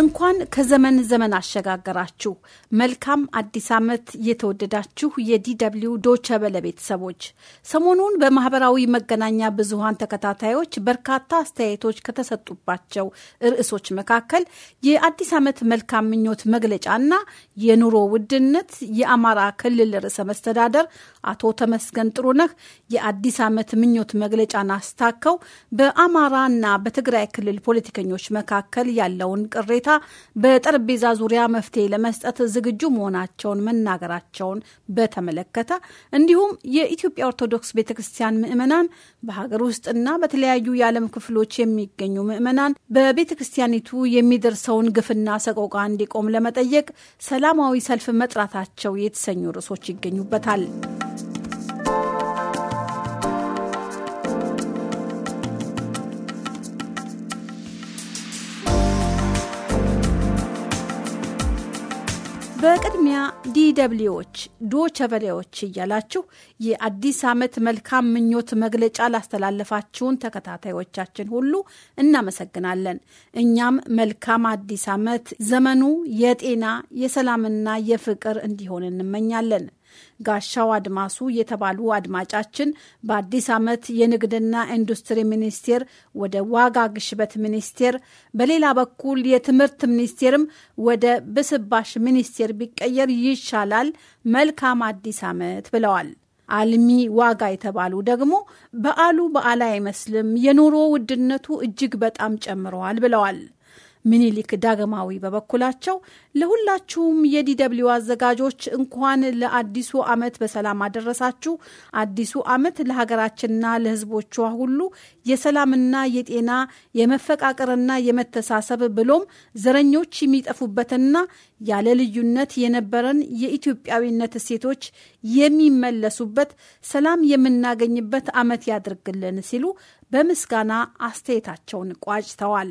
እንኳን ከዘመን ዘመን አሸጋገራችሁ። መልካም አዲስ ዓመት የተወደዳችሁ የዲደብሊው ዶቸ በለ ቤተሰቦች። ሰሞኑን በማህበራዊ መገናኛ ብዙሃን ተከታታዮች በርካታ አስተያየቶች ከተሰጡባቸው ርዕሶች መካከል የአዲስ ዓመት መልካም ምኞት መግለጫና የኑሮ ውድነት፣ የአማራ ክልል ርዕሰ መስተዳደር አቶ ተመስገን ጥሩነህ የአዲስ ዓመት ምኞት መግለጫን አስታከው በአማራና በትግራይ ክልል ፖለቲከኞች መካከል ያለውን ቅሬታ በጠረጴዛ ዙሪያ መፍትሄ ለመስጠት ዝግጁ መሆናቸውን መናገራቸውን በተመለከተ እንዲሁም የኢትዮጵያ ኦርቶዶክስ ቤተ ክርስቲያን ምዕመናን በሀገር ውስጥና በተለያዩ የዓለም ክፍሎች የሚገኙ ምዕመናን በቤተ ክርስቲያኒቱ የሚደርሰውን ግፍና ሰቆቃ እንዲቆም ለመጠየቅ ሰላማዊ ሰልፍ መጥራታቸው የተሰኙ ርዕሶች ይገኙበታል። በቅድሚያ ዲደብሊዎች ዶቸበሌዎች እያላችሁ የአዲስ ዓመት መልካም ምኞት መግለጫ ላስተላለፋችሁን ተከታታዮቻችን ሁሉ እናመሰግናለን። እኛም መልካም አዲስ ዓመት ዘመኑ የጤና የሰላምና የፍቅር እንዲሆን እንመኛለን። ጋሻው አድማሱ የተባሉ አድማጫችን በአዲስ ዓመት የንግድና ኢንዱስትሪ ሚኒስቴር ወደ ዋጋ ግሽበት ሚኒስቴር፣ በሌላ በኩል የትምህርት ሚኒስቴርም ወደ ብስባሽ ሚኒስቴር ቢቀየር ይሻላል፣ መልካም አዲስ ዓመት ብለዋል። አልሚ ዋጋ የተባሉ ደግሞ በዓሉ በዓል አይመስልም፣ የኑሮ ውድነቱ እጅግ በጣም ጨምረዋል ብለዋል። ምኒልክ ዳግማዊ በበኩላቸው ለሁላችሁም የዲደብሊው አዘጋጆች እንኳን ለአዲሱ ዓመት በሰላም አደረሳችሁ። አዲሱ ዓመት ለሀገራችንና ለሕዝቦቿ ሁሉ የሰላምና የጤና የመፈቃቀርና የመተሳሰብ ብሎም ዘረኞች የሚጠፉበትና ያለ ልዩነት የነበረን የኢትዮጵያዊነት እሴቶች የሚመለሱበት ሰላም የምናገኝበት ዓመት ያድርግልን ሲሉ በምስጋና አስተያየታቸውን ቋጭተዋል።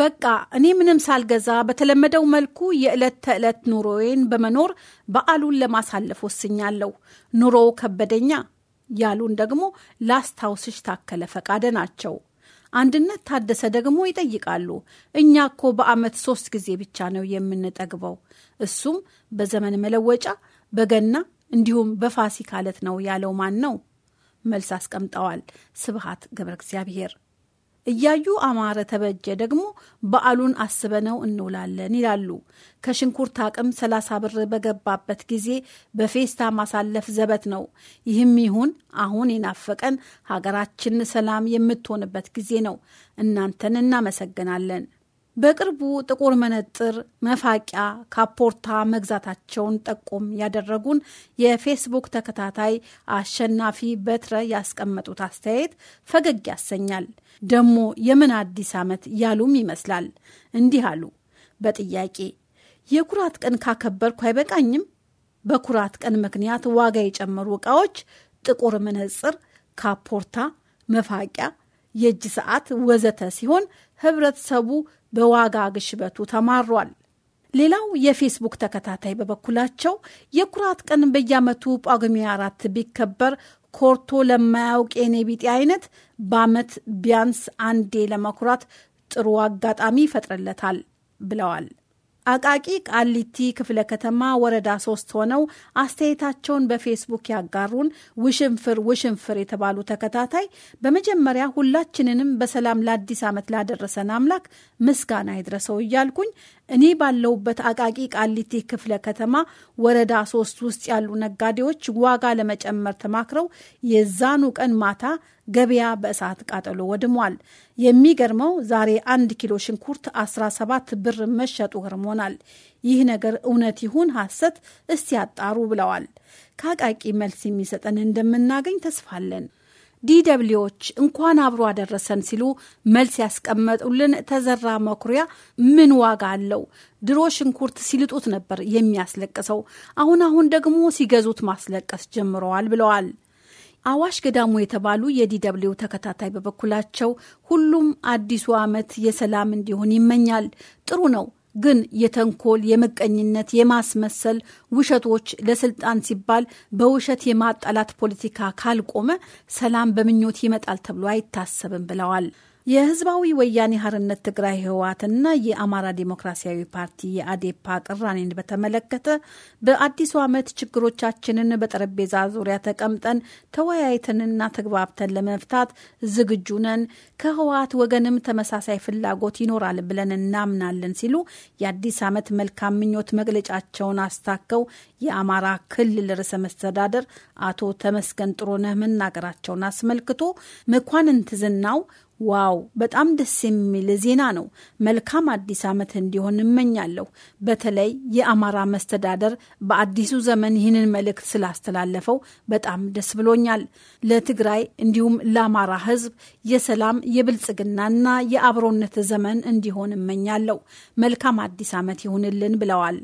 በቃ እኔ ምንም ሳልገዛ በተለመደው መልኩ የዕለት ተዕለት ኑሮዬን በመኖር በዓሉን ለማሳለፍ ወስኛለሁ። ኑሮ ከበደኛ ያሉን ደግሞ ላስታውስሽ ታከለ ፈቃደ ናቸው። አንድነት ታደሰ ደግሞ ይጠይቃሉ። እኛ እኮ በዓመት ሶስት ጊዜ ብቻ ነው የምንጠግበው። እሱም በዘመን መለወጫ፣ በገና እንዲሁም በፋሲካ ዕለት ነው ያለው ማን ነው? መልስ አስቀምጠዋል። ስብሃት ገብረ እግዚአብሔር እያዩ አማረ ተበጀ ደግሞ በዓሉን አስበነው እንውላለን ይላሉ። ከሽንኩርት አቅም 30 ብር በገባበት ጊዜ በፌስታ ማሳለፍ ዘበት ነው። ይህም ይሁን አሁን የናፈቀን ሀገራችን ሰላም የምትሆንበት ጊዜ ነው። እናንተን እናመሰግናለን። በቅርቡ ጥቁር መነጥር፣ መፋቂያ፣ ካፖርታ መግዛታቸውን ጠቆም ያደረጉን የፌስቡክ ተከታታይ አሸናፊ በትረ ያስቀመጡት አስተያየት ፈገግ ያሰኛል። ደሞ የምን አዲስ ዓመት ያሉም ይመስላል። እንዲህ አሉ በጥያቄ የኩራት ቀን ካከበርኩ አይበቃኝም? በኩራት ቀን ምክንያት ዋጋ የጨመሩ ዕቃዎች ጥቁር መነጽር፣ ካፖርታ፣ መፋቂያ የእጅ ሰዓት ወዘተ ሲሆን ህብረተሰቡ በዋጋ ግሽበቱ ተማሯል። ሌላው የፌስቡክ ተከታታይ በበኩላቸው የኩራት ቀን በየዓመቱ ጳጉሜ አራት ቢከበር ኮርቶ ለማያውቅ የኔ ቢጤ አይነት በዓመት ቢያንስ አንዴ ለመኩራት ጥሩ አጋጣሚ ይፈጥርለታል ብለዋል። አቃቂ ቃሊቲ ክፍለ ከተማ ወረዳ ሶስት ሆነው አስተያየታቸውን በፌስቡክ ያጋሩን ውሽንፍር ውሽንፍር የተባሉ ተከታታይ በመጀመሪያ ሁላችንንም በሰላም ለአዲስ ዓመት ላደረሰን አምላክ ምስጋና ይድረሰው እያልኩኝ እኔ ባለውበት አቃቂ ቃሊቲ ክፍለ ከተማ ወረዳ ሶስት ውስጥ ያሉ ነጋዴዎች ዋጋ ለመጨመር ተማክረው የዛኑ ቀን ማታ ገበያ በእሳት ቃጠሎ ወድሟል። የሚገርመው ዛሬ አንድ ኪሎ ሽንኩርት 17 ብር መሸጡ ግርሞ ይሆናል። ይህ ነገር እውነት ይሁን ሐሰት እስቲ ያጣሩ ብለዋል። ከአቃቂ መልስ የሚሰጠን እንደምናገኝ ተስፋለን። ዲደብሊዎች እንኳን አብሮ አደረሰን ሲሉ መልስ ያስቀመጡልን ተዘራ መኩሪያ ምን ዋጋ አለው? ድሮ ሽንኩርት ሲልጡት ነበር የሚያስለቅሰው፣ አሁን አሁን ደግሞ ሲገዙት ማስለቀስ ጀምረዋል ብለዋል። አዋሽ ገዳሙ የተባሉ የዲደብሊው ተከታታይ በበኩላቸው ሁሉም አዲሱ ዓመት የሰላም እንዲሆን ይመኛል። ጥሩ ነው ግን የተንኮል፣ የምቀኝነት፣ የማስመሰል ውሸቶች ለስልጣን ሲባል በውሸት የማጣላት ፖለቲካ ካልቆመ ሰላም በምኞት ይመጣል ተብሎ አይታሰብም ብለዋል። የህዝባዊ ወያኔ ሀርነት ትግራይ ህወሓትና የአማራ ዲሞክራሲያዊ ፓርቲ የአዴፓ ቅራኔን በተመለከተ በአዲሱ ዓመት ችግሮቻችንን በጠረጴዛ ዙሪያ ተቀምጠን ተወያይተንና ተግባብተን ለመፍታት ዝግጁ ነን፣ ከህወሓት ወገንም ተመሳሳይ ፍላጎት ይኖራል ብለን እናምናለን ሲሉ የአዲስ ዓመት መልካም ምኞት መግለጫቸውን አስታከው የአማራ ክልል ርዕሰ መስተዳደር አቶ ተመስገን ጥሩነህ መናገራቸውን አስመልክቶ መኳንንት ዝናው ዋው በጣም ደስ የሚል ዜና ነው። መልካም አዲስ ዓመት እንዲሆን እመኛለሁ። በተለይ የአማራ መስተዳደር በአዲሱ ዘመን ይህንን መልእክት ስላስተላለፈው በጣም ደስ ብሎኛል። ለትግራይ እንዲሁም ለአማራ ሕዝብ የሰላም የብልጽግናና የአብሮነት ዘመን እንዲሆን እመኛለሁ። መልካም አዲስ ዓመት ይሁንልን ብለዋል።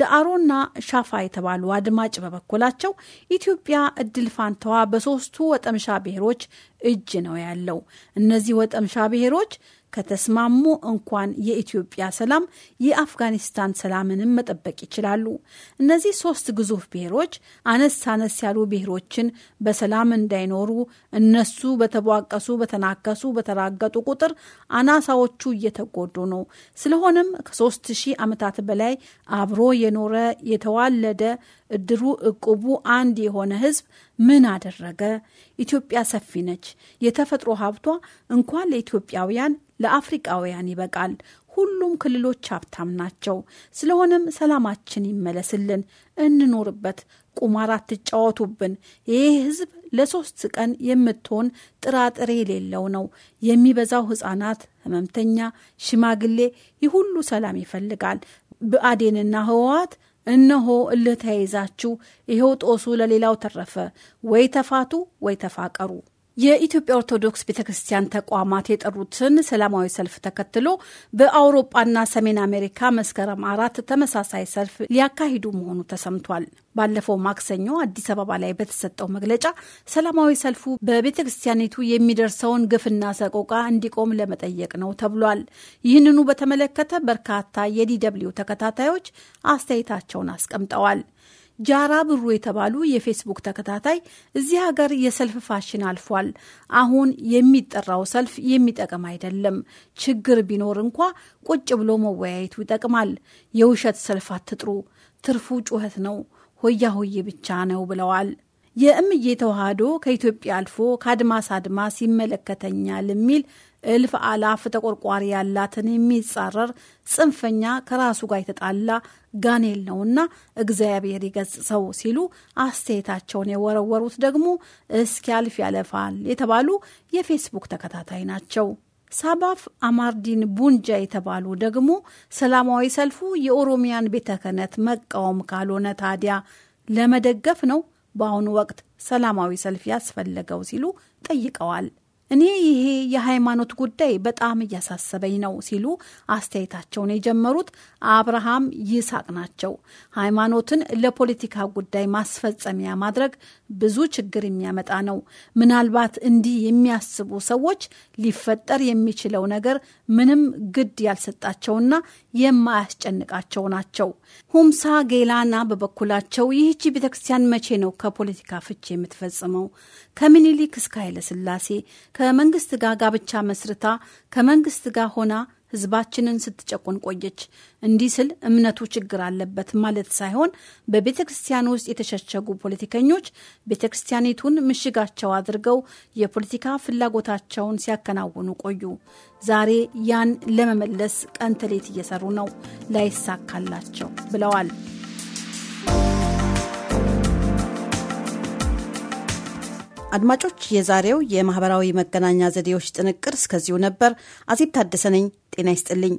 ደአሮና ሻፋ የተባሉ አድማጭ በበኩላቸው ኢትዮጵያ እድል ፋንታዋ በሶስቱ ወጠምሻ ብሔሮች እጅ ነው ያለው። እነዚህ ወጠምሻ ብሔሮች ከተስማሙ እንኳን የኢትዮጵያ ሰላም የአፍጋኒስታን ሰላምንም መጠበቅ ይችላሉ። እነዚህ ሶስት ግዙፍ ብሔሮች አነስ አነስ ያሉ ብሔሮችን በሰላም እንዳይኖሩ እነሱ በተቧቀሱ፣ በተናከሱ፣ በተራገጡ ቁጥር አናሳዎቹ እየተጎዱ ነው። ስለሆነም ከሶስት ሺህ ዓመታት በላይ አብሮ የኖረ የተዋለደ እድሩ፣ እቁቡ አንድ የሆነ ህዝብ ምን አደረገ? ኢትዮጵያ ሰፊ ነች። የተፈጥሮ ሀብቷ እንኳን ለኢትዮጵያውያን ለአፍሪቃውያን ይበቃል። ሁሉም ክልሎች ሀብታም ናቸው። ስለሆነም ሰላማችን ይመለስልን፣ እንኖርበት። ቁማር አትጫወቱብን። ይህ ህዝብ ለሶስት ቀን የምትሆን ጥራጥሬ የሌለው ነው። የሚበዛው ህጻናት፣ ህመምተኛ፣ ሽማግሌ ይህ ሁሉ ሰላም ይፈልጋል። ብአዴንና ህወሓት እነሆ እልህ ተያይዛችሁ፣ ይኸው ጦሱ ለሌላው ተረፈ፣ ወይ ተፋቱ ወይ ተፋቀሩ። የኢትዮጵያ ኦርቶዶክስ ቤተ ክርስቲያን ተቋማት የጠሩትን ሰላማዊ ሰልፍ ተከትሎ በአውሮፓና ሰሜን አሜሪካ መስከረም አራት ተመሳሳይ ሰልፍ ሊያካሂዱ መሆኑ ተሰምቷል። ባለፈው ማክሰኞ አዲስ አበባ ላይ በተሰጠው መግለጫ ሰላማዊ ሰልፉ በቤተ ክርስቲያኒቱ የሚደርሰውን ግፍና ሰቆቃ እንዲቆም ለመጠየቅ ነው ተብሏል። ይህንኑ በተመለከተ በርካታ የዲደብሊው ተከታታዮች አስተያየታቸውን አስቀምጠዋል። ጃራ ብሩ የተባሉ የፌስቡክ ተከታታይ እዚህ ሀገር የሰልፍ ፋሽን አልፏል። አሁን የሚጠራው ሰልፍ የሚጠቅም አይደለም። ችግር ቢኖር እንኳ ቁጭ ብሎ መወያየቱ ይጠቅማል። የውሸት ሰልፍ አትጥሩ፣ ትርፉ ጩኸት ነው፣ ሆያ ሆዬ ብቻ ነው ብለዋል። የእምዬ ተዋህዶ ከኢትዮጵያ አልፎ ከአድማስ አድማስ ይመለከተኛል የሚል እልፍ አላፍ ተቆርቋሪ ያላትን የሚጻረር ጽንፈኛ ከራሱ ጋር የተጣላ ጋኔል ነውና እግዚአብሔር ይገጽሰው ሲሉ አስተያየታቸውን የወረወሩት ደግሞ እስኪያልፍ ያለፋል የተባሉ የፌስቡክ ተከታታይ ናቸው። ሳባፍ አማርዲን ቡንጃ የተባሉ ደግሞ ሰላማዊ ሰልፉ የኦሮሚያን ቤተ ክህነት መቃወም ካልሆነ ታዲያ ለመደገፍ ነው በአሁኑ ወቅት ሰላማዊ ሰልፍ ያስፈለገው ሲሉ ጠይቀዋል። እኔ ይሄ የሃይማኖት ጉዳይ በጣም እያሳሰበኝ ነው ሲሉ አስተያየታቸውን የጀመሩት አብርሃም ይስሐቅ ናቸው። ሃይማኖትን ለፖለቲካ ጉዳይ ማስፈጸሚያ ማድረግ ብዙ ችግር የሚያመጣ ነው። ምናልባት እንዲህ የሚያስቡ ሰዎች ሊፈጠር የሚችለው ነገር ምንም ግድ ያልሰጣቸውና የማያስጨንቃቸው ናቸው። ሁምሳ ጌላና በበኩላቸው ይህቺ ቤተክርስቲያን መቼ ነው ከፖለቲካ ፍቼ የምትፈጽመው? ከምኒልክ እስከ ኃይለስላሴ ከመንግስት ጋር ጋብቻ መስርታ ከመንግስት ጋር ሆና ህዝባችንን ስትጨቁን ቆየች። እንዲህ ስል እምነቱ ችግር አለበት ማለት ሳይሆን በቤተ ክርስቲያን ውስጥ የተሸሸጉ ፖለቲከኞች ቤተ ክርስቲያኒቱን ምሽጋቸው አድርገው የፖለቲካ ፍላጎታቸውን ሲያከናውኑ ቆዩ። ዛሬ ያን ለመመለስ ቀንተሌት እየሰሩ ነው፣ ላይሳካላቸው ብለዋል። አድማጮች፣ የዛሬው የማህበራዊ መገናኛ ዘዴዎች ጥንቅር እስከዚሁ ነበር። አዜብ ታደሰ ነኝ። ጤና ይስጥልኝ።